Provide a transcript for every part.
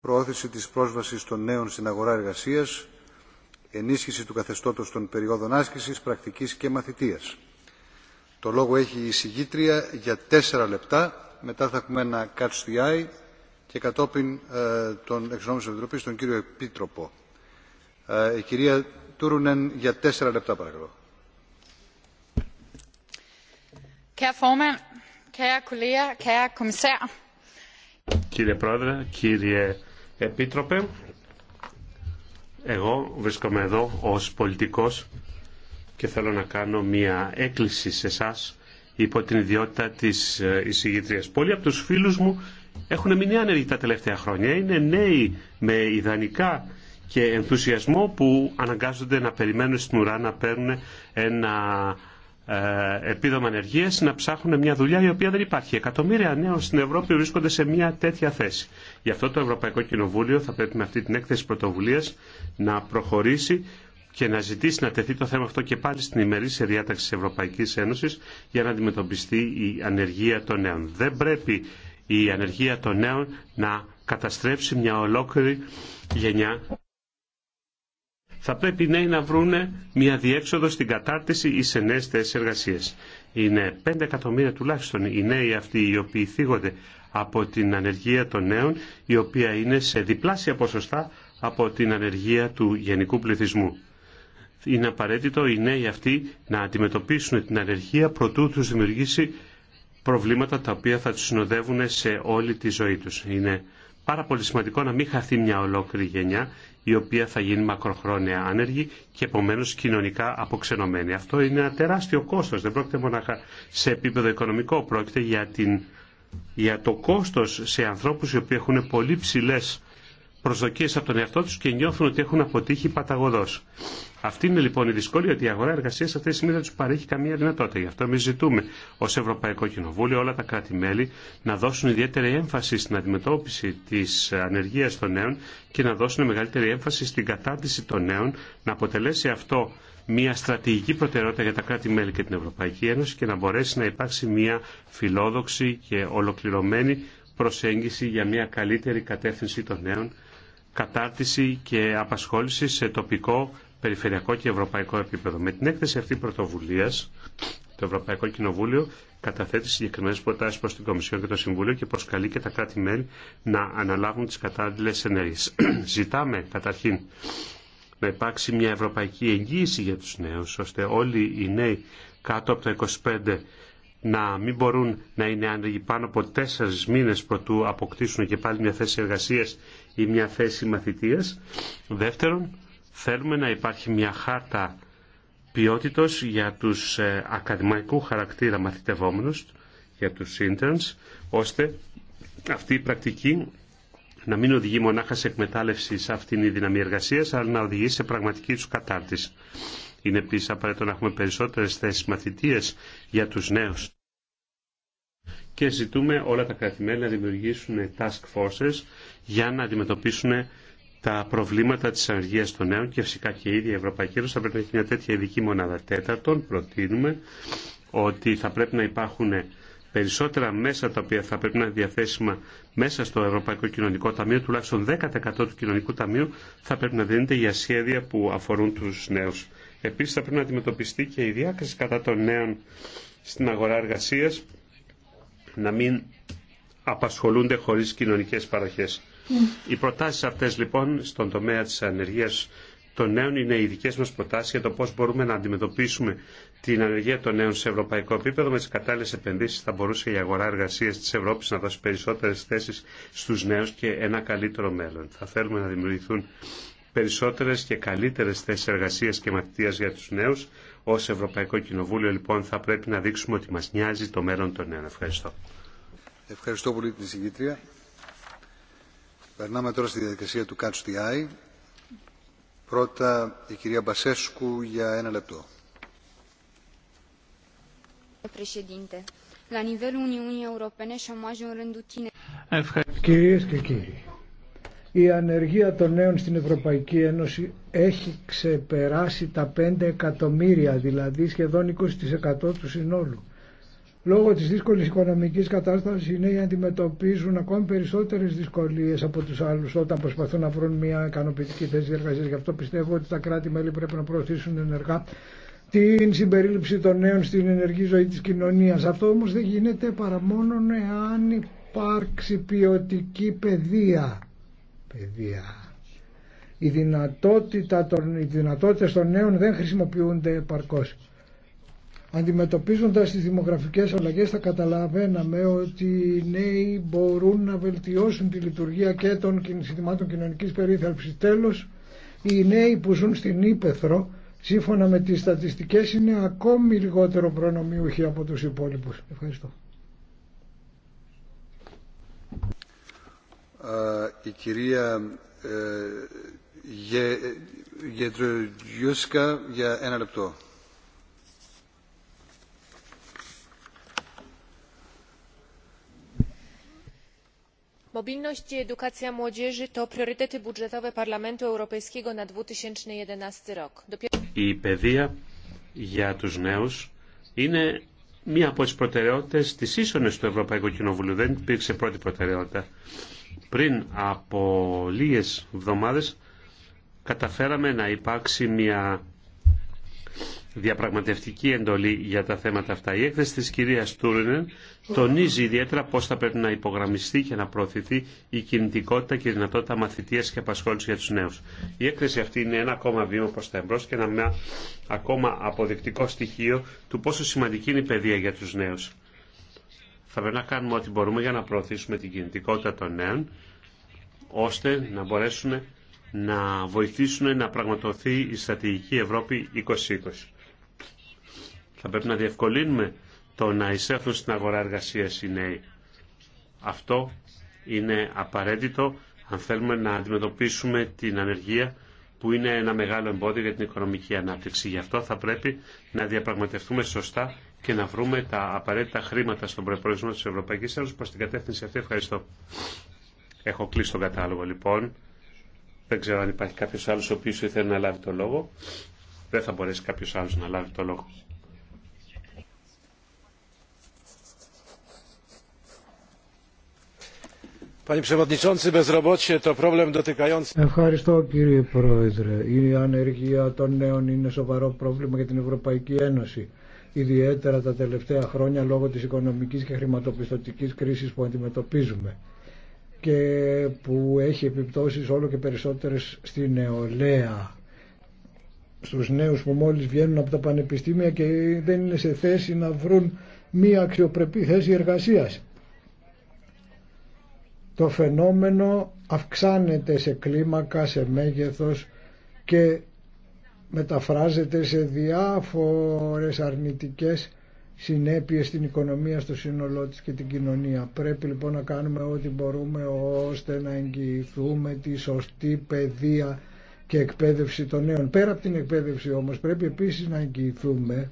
προώθηση της πρόσβασης των νέων στην αγορά εργασίας, ενίσχυση του καθεστώτος των περιόδων άσκησης, πρακτικής και μαθητείας. Το λόγο έχει η συγγήτρια για τέσσερα λεπτά, μετά θα έχουμε ένα catch the eye και κατόπιν ε, τον εξονόμους της τον κύριο Επίτροπο. Ε, η κυρία Τούρουνεν για τέσσερα λεπτά παρακαλώ. Κύριε Πρόεδρε, κύριε Επίτροπε, εγώ βρίσκομαι εδώ ως πολιτικός και θέλω να κάνω μία έκκληση σε εσά υπό την ιδιότητα της ε, εισηγητρίας. Πολλοί από τους φίλους μου έχουν μείνει άνεργοι τα τελευταία χρόνια. Είναι νέοι με ιδανικά και ενθουσιασμό που αναγκάζονται να περιμένουν στην ουρά να παίρνουν ένα ε, επίδομα ενεργεία να ψάχνουν μια δουλειά η οποία δεν υπάρχει. Εκατομμύρια νέων στην Ευρώπη βρίσκονται σε μια τέτοια θέση. Γι' αυτό το Ευρωπαϊκό Κοινοβούλιο θα πρέπει με αυτή την έκθεση πρωτοβουλία να προχωρήσει και να ζητήσει να τεθεί το θέμα αυτό και πάλι στην ημερήσια διάταξη της Ευρωπαϊκής Ένωσης για να αντιμετωπιστεί η ανεργία των νέων. Δεν πρέπει η ανεργία των νέων να καταστρέψει μια ολόκληρη γενιά θα πρέπει νέοι να βρουν μια διέξοδο στην κατάρτιση ή σε νέε θέσει εργασία. Είναι 5 εκατομμύρια τουλάχιστον οι νέοι αυτοί οι οποίοι θίγονται από την ανεργία των νέων, η οποία είναι σε διπλάσια ποσοστά από την ανεργία του γενικού πληθυσμού. Είναι απαραίτητο οι νέοι αυτοί να αντιμετωπίσουν την ανεργία προτού του δημιουργήσει προβλήματα τα οποία θα του συνοδεύουν σε όλη τη ζωή του. Είναι πάρα πολύ σημαντικό να μην χαθεί μια ολόκληρη γενιά η οποία θα γίνει μακροχρόνια άνεργη και επομένω κοινωνικά αποξενωμένη. Αυτό είναι ένα τεράστιο κόστο. Δεν πρόκειται μονάχα σε επίπεδο οικονομικό, πρόκειται για, την, για το κόστο σε ανθρώπου οι οποίοι έχουν πολύ ψηλέ προσδοκίε από τον εαυτό του και νιώθουν ότι έχουν αποτύχει παταγωδό. Αυτή είναι λοιπόν η δυσκολία ότι η αγορά εργασία αυτή τη στιγμή δεν του παρέχει καμία δυνατότητα. Γι' αυτό εμεί ζητούμε ω Ευρωπαϊκό Κοινοβούλιο όλα τα κράτη-μέλη να δώσουν ιδιαίτερη έμφαση στην αντιμετώπιση τη ανεργία των νέων και να δώσουν μεγαλύτερη έμφαση στην κατάρτιση των νέων, να αποτελέσει αυτό μια στρατηγική προτεραιότητα για τα κράτη-μέλη και την Ευρωπαϊκή Ένωση και να μπορέσει να υπάρξει μια φιλόδοξη και ολοκληρωμένη προσέγγιση για μια καλύτερη κατεύθυνση των νέων κατάρτιση και απασχόληση σε τοπικό, περιφερειακό και ευρωπαϊκό επίπεδο. Με την έκθεση αυτή πρωτοβουλία, το Ευρωπαϊκό Κοινοβούλιο καταθέτει συγκεκριμένε προτάσει προ την Κομισιόν και το Συμβούλιο και προσκαλεί και τα κράτη-μέλη να αναλάβουν τι κατάλληλε ενέργειε. Ζητάμε καταρχήν να υπάρξει μια ευρωπαϊκή εγγύηση για τους νέους, ώστε όλοι οι νέοι κάτω από τα 25 να μην μπορούν να είναι άνεργοι πάνω από τέσσερις μήνες προτού αποκτήσουν και πάλι μια θέση εργασίας ή μια θέση μαθητείας. Δεύτερον, Θέλουμε να υπάρχει μια χάρτα ποιότητος για τους ε, ακαδημαϊκού χαρακτήρα μαθητευόμενους, για τους interns, ώστε αυτή η πρακτική να μην οδηγεί μονάχα σε εκμετάλλευση σε αυτήν η δύναμη εργασία, αλλά να οδηγεί σε πραγματική του κατάρτιση. Είναι επίση απαραίτητο να έχουμε περισσότερε θέσει μαθητείε για του νέου. Και ζητούμε όλα τα κρατημένα να δημιουργήσουν task forces για να αντιμετωπίσουν τα προβλήματα της αργίας των νέων και φυσικά και η ίδια η Ευρωπαϊκή Ένωση θα πρέπει να έχει μια τέτοια ειδική μονάδα. Τέταρτον, προτείνουμε ότι θα πρέπει να υπάρχουν περισσότερα μέσα τα οποία θα πρέπει να είναι διαθέσιμα μέσα στο Ευρωπαϊκό Κοινωνικό Ταμείο, τουλάχιστον 10% του Κοινωνικού Ταμείου θα πρέπει να δίνεται για σχέδια που αφορούν τους νέους. Επίσης θα πρέπει να αντιμετωπιστεί και η διάκριση κατά των νέων στην αγορά εργασίας, να μην απασχολούνται χωρίς κοινωνικές παροχές. Οι προτάσεις αυτές λοιπόν στον τομέα της ανεργίας των νέων είναι οι δικές μας προτάσεις για το πώς μπορούμε να αντιμετωπίσουμε την ανεργία των νέων σε ευρωπαϊκό επίπεδο. Με τις κατάλληλες επενδύσεις θα μπορούσε η αγορά εργασίας της Ευρώπης να δώσει περισσότερες θέσεις στους νέους και ένα καλύτερο μέλλον. Θα θέλουμε να δημιουργηθούν περισσότερες και καλύτερες θέσεις εργασίας και μαθητείας για τους νέους. Ως Ευρωπαϊκό Κοινοβούλιο λοιπόν θα πρέπει να δείξουμε ότι μα νοιάζει το μέλλον των νέων. Ευχαριστώ. Ευχαριστώ πολύ την Περνάμε τώρα στη διαδικασία του Catch the Eye. Πρώτα η κυρία Μπασέσκου για ένα λεπτό. Κυρίες και κύριοι, η ανεργία των νέων στην Ευρωπαϊκή Ένωση έχει ξεπεράσει τα 5 εκατομμύρια, δηλαδή σχεδόν 20% του συνόλου λόγω της δύσκολης οικονομικής κατάστασης οι νέοι αντιμετωπίζουν ακόμη περισσότερες δυσκολίες από τους άλλους όταν προσπαθούν να βρουν μια ικανοποιητική θέση εργασία. Γι' αυτό πιστεύω ότι τα κράτη-μέλη πρέπει να προωθήσουν ενεργά την συμπερίληψη των νέων στην ενεργή ζωή της κοινωνίας. Αυτό όμως δεν γίνεται παρά μόνο εάν υπάρξει ποιοτική παιδεία. οι δυνατότητες των νέων δεν χρησιμοποιούνται επαρκώς. Αντιμετωπίζοντας τις δημογραφικές αλλαγές θα καταλαβαίναμε ότι οι νέοι μπορούν να βελτιώσουν τη λειτουργία και των συστημάτων κοινωνικής περίθαλψης. Τέλος, οι νέοι που ζουν στην Ήπεθρο, σύμφωνα με τις στατιστικές, είναι ακόμη λιγότερο προνομιούχοι από τους υπόλοιπους. Ευχαριστώ. Ε, η κυρία ε, Γετρογιούσκα για ένα λεπτό. η παιδεία για τους νέους είναι μία από τις προτεραιότητες της ίσονες του Ευρωπαϊκού Κοινοβουλίου. Δεν υπήρξε πρώτη προτεραιότητα. Πριν από λίγες εβδομάδες καταφέραμε να υπάρξει μια διαπραγματευτική εντολή για τα θέματα αυτά. Η έκθεση της κυρίας Τούρνεν τονίζει ιδιαίτερα πώς θα πρέπει να υπογραμμιστεί και να προωθηθεί η κινητικότητα και η δυνατότητα μαθητείας και απασχόληση για τους νέους. Η έκθεση αυτή είναι ένα ακόμα βήμα προς τα εμπρός και ένα ακόμα αποδεικτικό στοιχείο του πόσο σημαντική είναι η παιδεία για τους νέους. Θα πρέπει να κάνουμε ό,τι μπορούμε για να προωθήσουμε την κινητικότητα των νέων ώστε να μπορέσουν να βοηθήσουν να πραγματοθεί η στρατηγική Ευρώπη 2020. Θα πρέπει να διευκολύνουμε το να εισέλθουν στην αγορά εργασία οι νέοι. Αυτό είναι απαραίτητο αν θέλουμε να αντιμετωπίσουμε την ανεργία που είναι ένα μεγάλο εμπόδιο για την οικονομική ανάπτυξη. Γι' αυτό θα πρέπει να διαπραγματευτούμε σωστά και να βρούμε τα απαραίτητα χρήματα στον προπολογισμό τη Ευρωπαϊκή Ένωση προ την κατεύθυνση αυτή. Ευχαριστώ. Έχω κλείσει τον κατάλογο λοιπόν. Δεν ξέρω αν υπάρχει κάποιο άλλο ο οποίο ήθελε να λάβει το λόγο. Δεν θα μπορέσει κάποιο άλλο να λάβει το λόγο. Ευχαριστώ κύριε Πρόεδρε. Η ανεργία των νέων είναι σοβαρό πρόβλημα για την Ευρωπαϊκή Ένωση. Ιδιαίτερα τα τελευταία χρόνια λόγω της οικονομικής και χρηματοπιστωτικής κρίσης που αντιμετωπίζουμε και που έχει επιπτώσεις όλο και περισσότερες στη νεολαία. Στους νέους που μόλις βγαίνουν από τα πανεπιστήμια και δεν είναι σε θέση να βρουν μία αξιοπρεπή θέση εργασίας το φαινόμενο αυξάνεται σε κλίμακα, σε μέγεθος και μεταφράζεται σε διάφορες αρνητικές συνέπειες στην οικονομία, στο σύνολό της και την κοινωνία. Πρέπει λοιπόν να κάνουμε ό,τι μπορούμε ώστε να εγγυηθούμε τη σωστή παιδεία και εκπαίδευση των νέων. Πέρα από την εκπαίδευση όμως πρέπει επίσης να εγγυηθούμε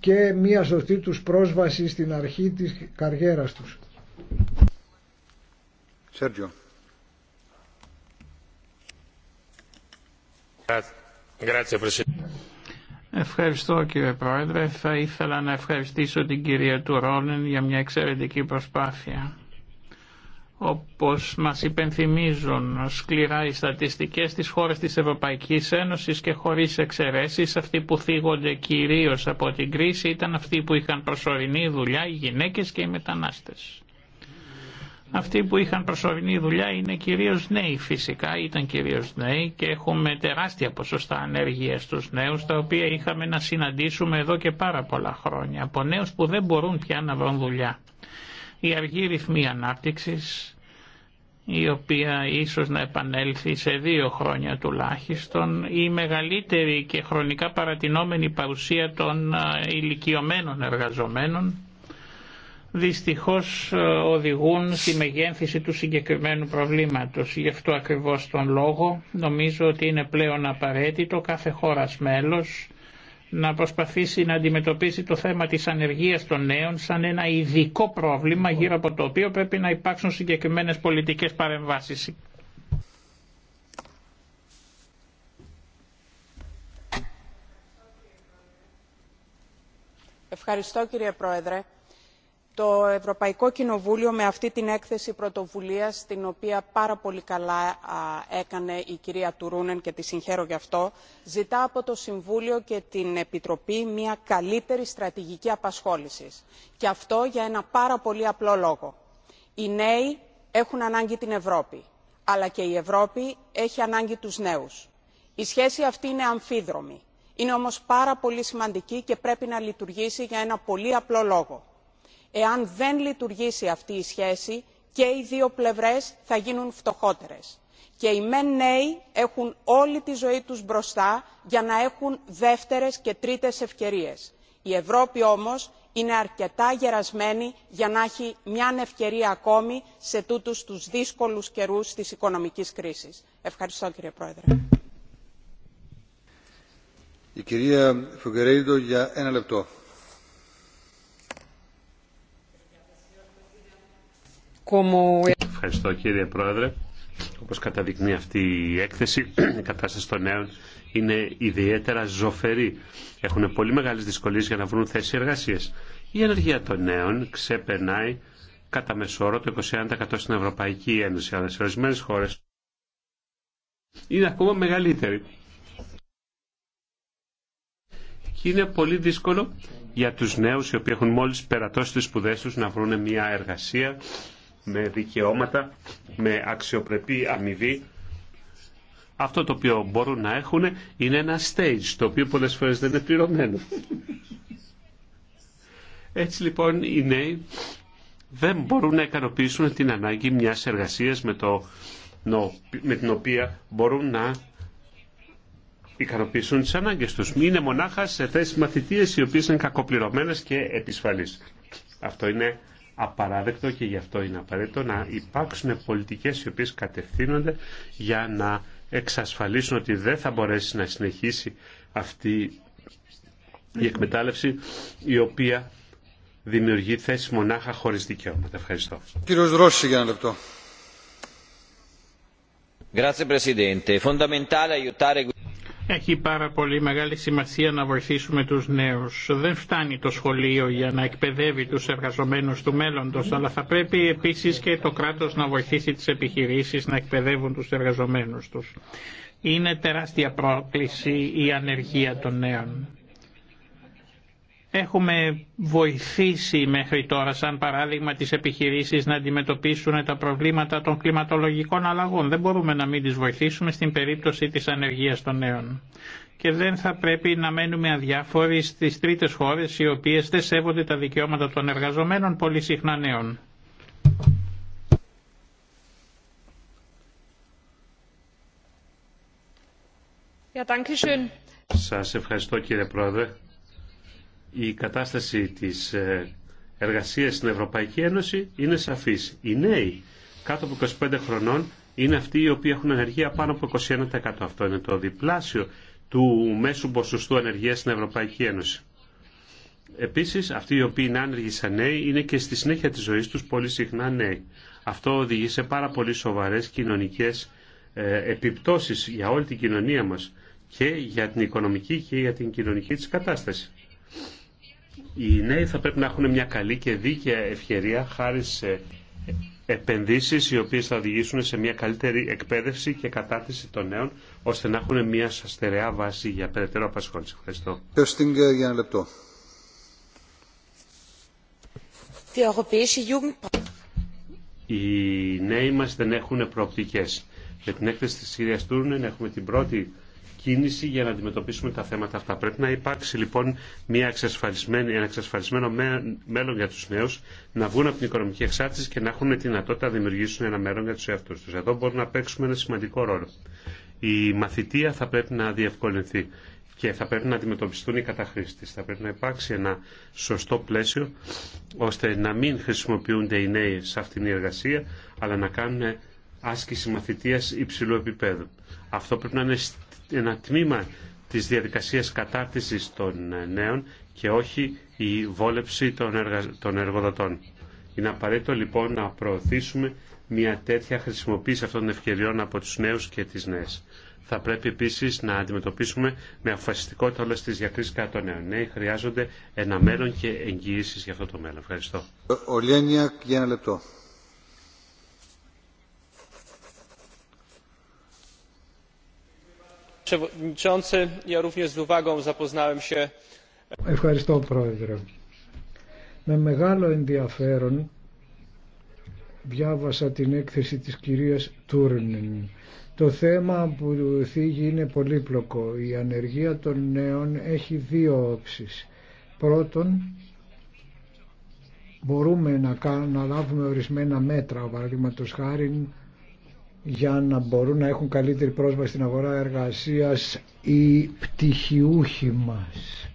και μία σωστή τους πρόσβαση στην αρχή της καριέρας τους. Ευχαριστώ κύριε Πρόεδρε. Θα ήθελα να ευχαριστήσω την κυρία Τουρόνεν για μια εξαιρετική προσπάθεια. Όπως μας υπενθυμίζουν σκληρά οι στατιστικές της χώρες της Ευρωπαϊκής Ένωσης και χωρίς εξαιρέσεις, αυτοί που θίγονται κυρίως από την κρίση ήταν αυτοί που είχαν προσωρινή δουλειά, οι γυναίκες και οι μετανάστες. Αυτοί που είχαν προσωρινή δουλειά είναι κυρίως νέοι φυσικά, ήταν κυρίως νέοι και έχουμε τεράστια ποσοστά ανεργία στους νέους τα οποία είχαμε να συναντήσουμε εδώ και πάρα πολλά χρόνια από νέους που δεν μπορούν πια να βρουν δουλειά. Η αργή ρυθμή ανάπτυξη η οποία ίσως να επανέλθει σε δύο χρόνια τουλάχιστον, η μεγαλύτερη και χρονικά παρατηνόμενη παρουσία των ε, ηλικιωμένων εργαζομένων, δυστυχώς ε, οδηγούν στη μεγένθηση του συγκεκριμένου προβλήματος. Γι' αυτό ακριβώς τον λόγο νομίζω ότι είναι πλέον απαραίτητο κάθε χώρας μέλος να προσπαθήσει να αντιμετωπίσει το θέμα της ανεργίας των νέων σαν ένα ειδικό πρόβλημα γύρω από το οποίο πρέπει να υπάρξουν συγκεκριμένες πολιτικές παρεμβάσεις. Ευχαριστώ κύριε Πρόεδρε το ευρωπαϊκό κοινοβούλιο με αυτή την έκθεση πρωτοβουλίας την οποία πάρα πολύ καλά έκανε η κυρία Τουρούνεν και τη συγχαίρω γι' αυτό ζητά από το συμβούλιο και την επιτροπή μια καλύτερη στρατηγική απασχόλησης και αυτό για ένα πάρα πολύ απλό λόγο οι νέοι έχουν ανάγκη την ευρώπη αλλά και η ευρώπη έχει ανάγκη τους νέους. η σχέση αυτή είναι αμφίδρομη είναι όμως πάρα πολύ σημαντική και πρέπει να λειτουργήσει για ένα πολύ απλό λόγο εάν δεν λειτουργήσει αυτή η σχέση και οι δύο πλευρές θα γίνουν φτωχότερες και οι μεν νέοι έχουν όλη τη ζωή τους μπροστά για να έχουν δεύτερες και τρίτες ευκαιρίες. η ευρώπη όμως είναι αρκετά γερασμένη για να έχει μια ευκαιρία ακόμη σε τούτους τους δύσκολους καιρούς της οικονομικής κρίσης. ευχαριστώ κύριε πρόεδρε. Η κυρία για ένα λεπτό. Ευχαριστώ κύριε Πρόεδρε. Όπως καταδεικνύει αυτή η έκθεση, η κατάσταση των νέων είναι ιδιαίτερα ζωφερή. Έχουν πολύ μεγάλες δυσκολίες για να βρουν θέση εργασίας. Η ενεργεία των νέων ξεπερνάει κατά μεσόρο το 21% στην Ευρωπαϊκή Ένωση, αλλά σε ορισμένε χώρες είναι ακόμα μεγαλύτερη. Και είναι πολύ δύσκολο για τους νέους οι οποίοι έχουν μόλις περατώσει τις σπουδές τους να βρουν μια εργασία με δικαιώματα, με αξιοπρεπή αμοιβή. Αυτό το οποίο μπορούν να έχουν είναι ένα stage, το οποίο πολλές φορές δεν είναι πληρωμένο. Έτσι λοιπόν οι νέοι δεν μπορούν να ικανοποιήσουν την ανάγκη μιας εργασίας με, το, με την οποία μπορούν να ικανοποιήσουν τις ανάγκες τους. είναι μονάχα σε θέσεις μαθητείες οι οποίες είναι κακοπληρωμένες και επισφαλείς. Αυτό είναι απαράδεκτο και γι' αυτό είναι απαραίτητο να υπάρξουν πολιτικές οι οποίες κατευθύνονται για να εξασφαλίσουν ότι δεν θα μπορέσει να συνεχίσει αυτή η εκμετάλλευση η οποία δημιουργεί θέση μονάχα χωρίς δικαιώματα. Ευχαριστώ. Κύριος Ρώση για ένα λεπτό. Έχει πάρα πολύ μεγάλη σημασία να βοηθήσουμε τους νέους. Δεν φτάνει το σχολείο για να εκπαιδεύει τους εργαζομένους του μέλλοντος, αλλά θα πρέπει επίσης και το κράτος να βοηθήσει τις επιχειρήσεις να εκπαιδεύουν τους εργαζομένους τους. Είναι τεράστια πρόκληση η ανεργία των νέων. Έχουμε βοηθήσει μέχρι τώρα, σαν παράδειγμα, τις επιχειρήσεις να αντιμετωπίσουν τα προβλήματα των κλιματολογικών αλλαγών. Δεν μπορούμε να μην τις βοηθήσουμε στην περίπτωση της ανεργίας των νέων. Και δεν θα πρέπει να μένουμε αδιάφοροι στις τρίτες χώρες οι οποίες δεν σέβονται τα δικαιώματα των εργαζομένων πολύ συχνά νέων. Σας ευχαριστώ κύριε Πρόεδρε η κατάσταση της ε, εργασίας στην Ευρωπαϊκή Ένωση είναι σαφής. Οι νέοι κάτω από 25 χρονών είναι αυτοί οι οποίοι έχουν ενεργεία πάνω από 21%. Αυτό είναι το διπλάσιο του μέσου ποσοστού ενεργεια στην Ευρωπαϊκή Ένωση. Επίσης, αυτοί οι οποίοι είναι άνεργοι σαν νέοι είναι και στη συνέχεια της ζωής τους πολύ συχνά νέοι. Αυτό οδηγεί σε πάρα πολύ σοβαρές κοινωνικές ε, επιπτώσεις για όλη την κοινωνία μας και για την οικονομική και για την κοινωνική της κατάσταση οι νέοι θα πρέπει να έχουν μια καλή και δίκαια ευκαιρία χάρη σε επενδύσεις οι οποίες θα οδηγήσουν σε μια καλύτερη εκπαίδευση και κατάρτιση των νέων ώστε να έχουν μια στερεά βάση για περαιτέρω απασχόληση. Ευχαριστώ. Ε, για ένα λεπτό. Οι νέοι μας δεν έχουν προοπτικές. Με την έκθεση της κυρίας Τούρνεν έχουμε την πρώτη κίνηση για να αντιμετωπίσουμε τα θέματα αυτά. Πρέπει να υπάρξει λοιπόν μια εξασφαλισμένη, ένα εξασφαλισμένο μέλλον για τους νέους να βγουν από την οικονομική εξάρτηση και να έχουν τη δυνατότητα να δημιουργήσουν ένα μέλλον για τους εαυτούς τους. Εδώ μπορούμε να παίξουμε ένα σημαντικό ρόλο. Η μαθητεία θα πρέπει να διευκολυνθεί και θα πρέπει να αντιμετωπιστούν οι καταχρήστες. Θα πρέπει να υπάρξει ένα σωστό πλαίσιο ώστε να μην χρησιμοποιούνται οι νέοι σε αυτήν την εργασία αλλά να κάνουν άσκηση μαθητείας υψηλού επίπεδου. Αυτό πρέπει να είναι ένα τμήμα της διαδικασίας κατάρτισης των νέων και όχι η βόλεψη των, εργα... εργοδοτών. Είναι απαραίτητο λοιπόν να προωθήσουμε μια τέτοια χρησιμοποίηση αυτών των ευκαιριών από τους νέους και τις νέες. Θα πρέπει επίσης να αντιμετωπίσουμε με αφασιστικότητα όλες τις διακρίσεις κατά των νέων. Νέοι χρειάζονται ένα μέλλον και εγγυήσεις για αυτό το μέλλον. Ευχαριστώ. Ο Λένια, για ένα λεπτό. Ευχαριστώ Πρόεδρε. Με μεγάλο ενδιαφέρον διάβασα την έκθεση της κυρίας Τούρνεν. Το θέμα που θίγει είναι πολύπλοκο. Η ανεργία των νέων έχει δύο όψεις. Πρώτον, μπορούμε να, να λάβουμε ορισμένα μέτρα, παραδείγματος χάρη για να μπορούν να έχουν καλύτερη πρόσβαση στην αγορά εργασίας οι πτυχιούχοι μας.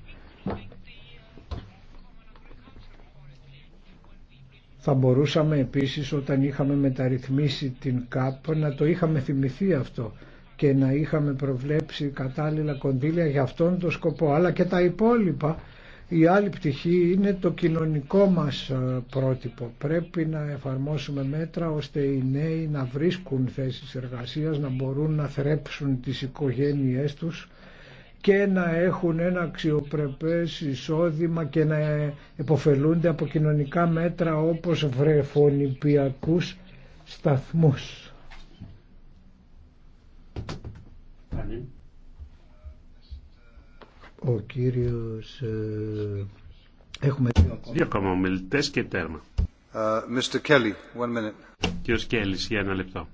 Θα μπορούσαμε επίσης όταν είχαμε μεταρρυθμίσει την ΚΑΠ να το είχαμε θυμηθεί αυτό και να είχαμε προβλέψει κατάλληλα κονδύλια για αυτόν τον σκοπό αλλά και τα υπόλοιπα η άλλη πτυχή είναι το κοινωνικό μας ε, πρότυπο. Πρέπει να εφαρμόσουμε μέτρα ώστε οι νέοι να βρίσκουν θέσεις εργασίας, να μπορούν να θρέψουν τις οικογένειές τους και να έχουν ένα αξιοπρεπές εισόδημα και να εποφελούνται από κοινωνικά μέτρα όπως βρεφονιπιακούς σταθμούς. Ο κύριος... Ε, έχουμε δύο ακόμα ομιλητές και τέρμα. Uh, ε, Mr. Kelly, one Κύριος Κέλλης, για ένα λεπτό.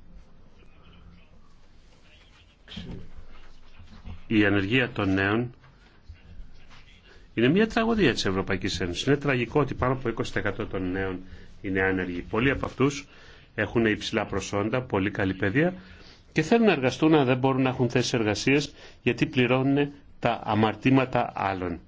Η ανεργία των νέων είναι μια τραγωδία της Ευρωπαϊκής Ένωσης. Είναι τραγικό ότι πάνω από 20% των νέων είναι άνεργοι. Πολλοί από αυτούς έχουν υψηλά προσόντα, πολύ καλή παιδεία και θέλουν να εργαστούν, αλλά δεν μπορούν να έχουν θέσει εργασίες γιατί πληρώνουν τα αμαρτήματα άλλων.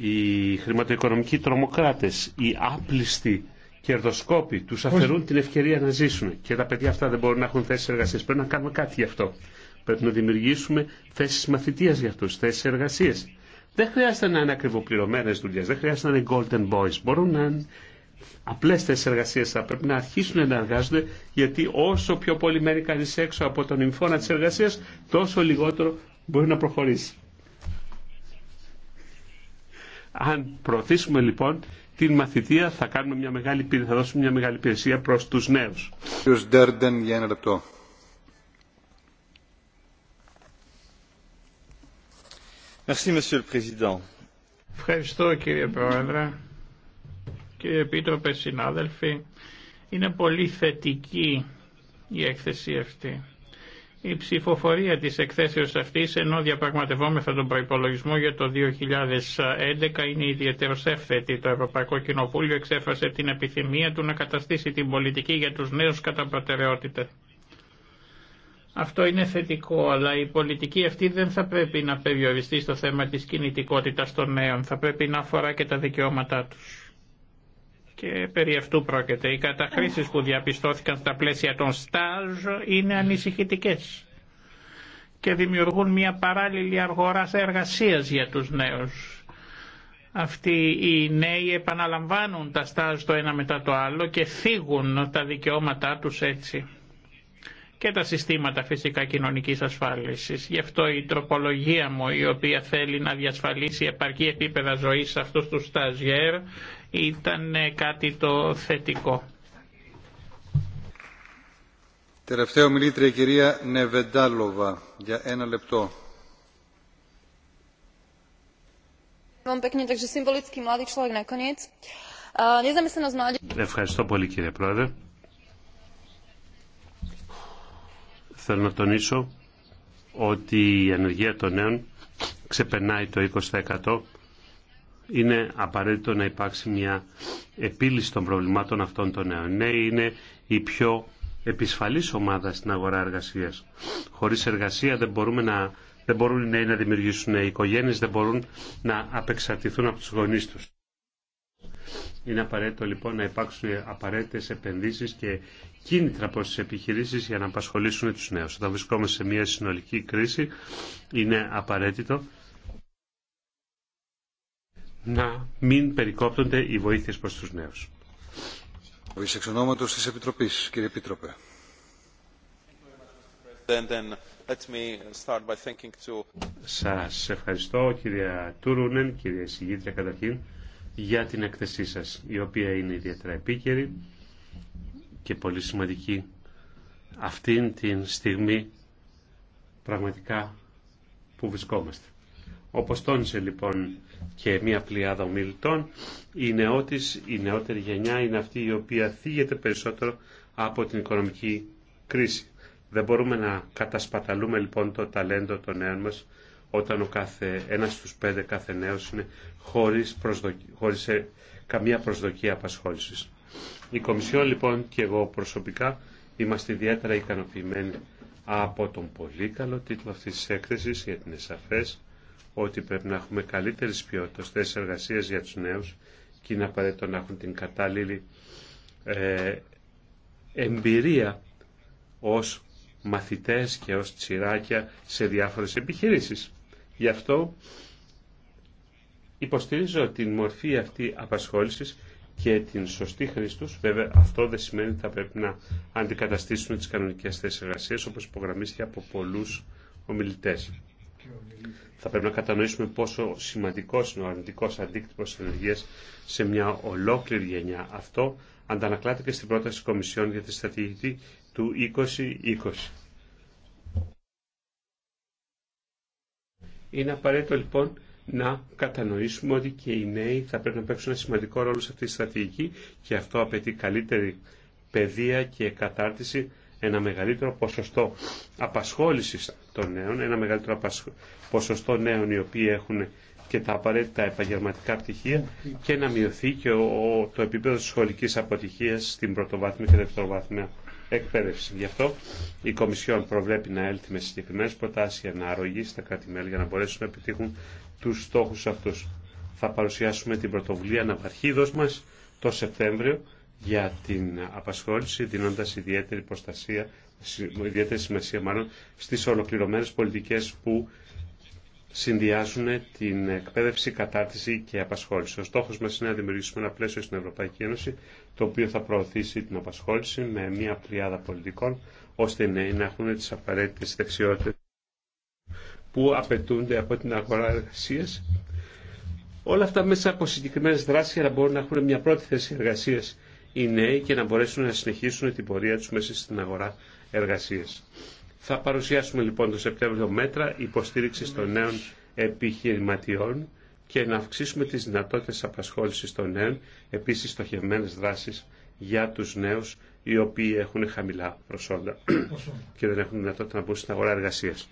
Οι χρηματοοικονομικοί τρομοκράτες, οι άπλιστοι κερδοσκόποι τους αφαιρούν την ευκαιρία να ζήσουν και τα παιδιά αυτά δεν μπορούν να έχουν θέσεις εργασίας. Πρέπει να κάνουμε κάτι γι' αυτό. Πρέπει να δημιουργήσουμε θέσεις μαθητείας για αυτούς, θέσεις εργασίας. Δεν χρειάζεται να είναι ακριβοπληρωμένες δουλειές, δεν χρειάζεται να είναι golden boys. Μπορούν να είναι απλέ θέσει εργασία θα πρέπει να αρχίσουν να εργάζονται, γιατί όσο πιο πολύ μένει κανεί έξω από τον εμφώνα τη εργασία, τόσο λιγότερο μπορεί να προχωρήσει. Αν προωθήσουμε λοιπόν την μαθητεία θα, κάνουμε μια μεγάλη, θα δώσουμε μια μεγάλη υπηρεσία προς τους νέους. Ευχαριστώ κύριε Πρόεδρε, κύριε Επίτροπε, συνάδελφοι. Είναι πολύ θετική η έκθεση αυτή. Η ψηφοφορία της εκθέσεως αυτής, ενώ διαπραγματευόμεθα τον προϋπολογισμό για το 2011, είναι ιδιαίτερο εύθετη. Το Ευρωπαϊκό Κοινοβούλιο εξέφρασε την επιθυμία του να καταστήσει την πολιτική για τους νέους κατά προτεραιότητα. Αυτό είναι θετικό, αλλά η πολιτική αυτή δεν θα πρέπει να περιοριστεί στο θέμα της κινητικότητας των νέων. Θα πρέπει να αφορά και τα δικαιώματά τους και περί αυτού πρόκειται. Οι καταχρήσεις που διαπιστώθηκαν στα πλαίσια των στάζ είναι ανησυχητικές και δημιουργούν μια παράλληλη αργορά εργασίας για τους νέους. Αυτοί οι νέοι επαναλαμβάνουν τα στάζ το ένα μετά το άλλο και φύγουν τα δικαιώματά τους έτσι και τα συστήματα φυσικά κοινωνικής ασφάλισης. Γι' αυτό η τροπολογία μου η οποία θέλει να διασφαλίσει επαρκή επίπεδα ζωής σε αυτούς τους σταζιέρ ήταν ε, κάτι το θετικό. Τελευταίο μιλήτρια η κυρία Νεβεντάλοβα για ένα λεπτό. Ευχαριστώ πολύ κύριε Πρόεδρε. Θέλω να τονίσω ότι η ανεργία των νέων ξεπερνάει το 20% είναι απαραίτητο να υπάρξει μια επίλυση των προβλημάτων αυτών των νέων. Οι ναι, Νέοι είναι η πιο επισφαλής ομάδα στην αγορά εργασίας. Χωρίς εργασία δεν, μπορούμε να, δεν μπορούν οι νέοι να δημιουργήσουν οι οικογένειες, δεν μπορούν να απεξαρτηθούν από τους γονείς τους. Είναι απαραίτητο λοιπόν να υπάρξουν απαραίτητε επενδύσει και κίνητρα προ τι επιχειρήσει για να απασχολήσουν του νέου. Όταν βρισκόμαστε σε μια συνολική κρίση, είναι απαραίτητο να μην περικόπτονται οι βοήθειες προς τους νέους. Ο της Επιτροπής, κύριε Επίτροπε. Σας ευχαριστώ κυρία Τούρουνεν, κυρία Συγήτρια καταρχήν, για την εκθεσή σας, η οποία είναι ιδιαίτερα επίκαιρη και πολύ σημαντική αυτήν την στιγμή πραγματικά που βρισκόμαστε. Όπως τόνισε λοιπόν και μια πλειάδα ομιλητών, η, νεότης, η νεότερη γενιά είναι αυτή η οποία θίγεται περισσότερο από την οικονομική κρίση. Δεν μπορούμε να κατασπαταλούμε λοιπόν το ταλέντο των νέων μας όταν ο κάθε, ένας στους πέντε κάθε νέος είναι χωρίς, χωρίς ε, καμία προσδοκία απασχόλησης. Η Κομισιόν λοιπόν και εγώ προσωπικά είμαστε ιδιαίτερα ικανοποιημένοι από τον πολύ καλό τίτλο αυτής της έκθεσης για την ΕΣΑΦΕΣ, ότι πρέπει να έχουμε καλύτερε ποιότητα θέσει εργασία για του νέου και είναι απαραίτητο να έχουν την κατάλληλη ε, εμπειρία ως μαθητές και ως τσιράκια σε διάφορες επιχειρήσεις. Γι' αυτό υποστηρίζω την μορφή αυτή απασχόλησης και την σωστή χρήση τους. Βέβαια αυτό δεν σημαίνει ότι θα πρέπει να αντικαταστήσουμε τις κανονικέ θέσει εργασία όπω υπογραμμίστηκε από πολλού ομιλητές θα πρέπει να κατανοήσουμε πόσο σημαντικό είναι ο αρνητικό αντίκτυπο τη ενεργεία σε μια ολόκληρη γενιά. Αυτό αντανακλάται και στην πρόταση τη Κομισιόν για τη στρατηγική του 2020. Είναι απαραίτητο λοιπόν να κατανοήσουμε ότι και οι νέοι θα πρέπει να παίξουν ένα σημαντικό ρόλο σε αυτή τη στρατηγική και αυτό απαιτεί καλύτερη παιδεία και κατάρτιση ένα μεγαλύτερο ποσοστό απασχόλησης των νέων, ένα μεγαλύτερο ποσοστό νέων οι οποίοι έχουν και τα απαραίτητα επαγγελματικά πτυχία και να μειωθεί και το επίπεδο της σχολικής αποτυχίας στην πρωτοβάθμια και δευτεροβάθμια εκπαίδευση. Γι' αυτό η Κομισιόν προβλέπει να έλθει με συγκεκριμένε προτάσει για να αρρωγήσει τα κράτη-μέλη για να μπορέσουν να επιτύχουν του στόχου αυτού. Θα παρουσιάσουμε την πρωτοβουλία Ναυαρχίδο μα το Σεπτέμβριο για την απασχόληση, δίνοντα ιδιαίτερη προστασία, ιδιαίτερη σημασία μάλλον, στις ολοκληρωμένες πολιτικές που συνδυάζουν την εκπαίδευση, κατάρτιση και απασχόληση. Ο στόχος μας είναι να δημιουργήσουμε ένα πλαίσιο στην Ευρωπαϊκή Ένωση, το οποίο θα προωθήσει την απασχόληση με μια πλειάδα πολιτικών, ώστε οι νέοι να έχουν τις απαραίτητες δεξιότητες που απαιτούνται από την αγορά εργασία. Όλα αυτά μέσα από συγκεκριμένε δράσει, αλλά μπορούν να έχουν μια πρώτη θέση εργασία οι νέοι και να μπορέσουν να συνεχίσουν την πορεία τους μέσα στην αγορά εργασίας. Θα παρουσιάσουμε λοιπόν το Σεπτέμβριο μέτρα υποστήριξης των νέων επιχειρηματιών και να αυξήσουμε τις δυνατότητες απασχόλησης των νέων, επίσης στοχευμένες δράσεις για τους νέους οι οποίοι έχουν χαμηλά προσόντα και δεν έχουν δυνατότητα να μπουν στην αγορά εργασίας.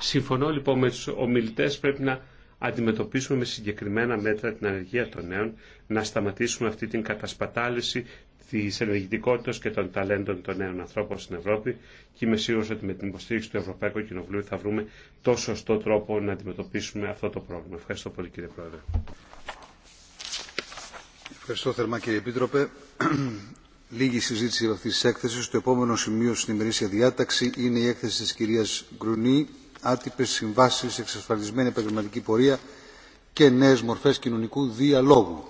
Συμφωνώ λοιπόν με τους ομιλητές πρέπει να αντιμετωπίσουμε με συγκεκριμένα μέτρα την ανεργία των νέων, να σταματήσουμε αυτή την κατασπατάληση τη ενεργητικότητα και των ταλέντων των νέων ανθρώπων στην Ευρώπη και είμαι σίγουρο ότι με την υποστήριξη του Ευρωπαϊκού Κοινοβουλίου θα βρούμε το σωστό τρόπο να αντιμετωπίσουμε αυτό το πρόβλημα. Ευχαριστώ πολύ κύριε Πρόεδρε. Ευχαριστώ θερμά κύριε Επίτροπε. Λίγη συζήτηση αυτή τη έκθεση. Το επόμενο σημείο στην ημερήσια διάταξη είναι η έκθεση τη κυρία Γκρουνή άτυπες συμβάσεις, εξασφαλισμένη επαγγελματική πορεία και νέες μορφές κοινωνικού διαλόγου.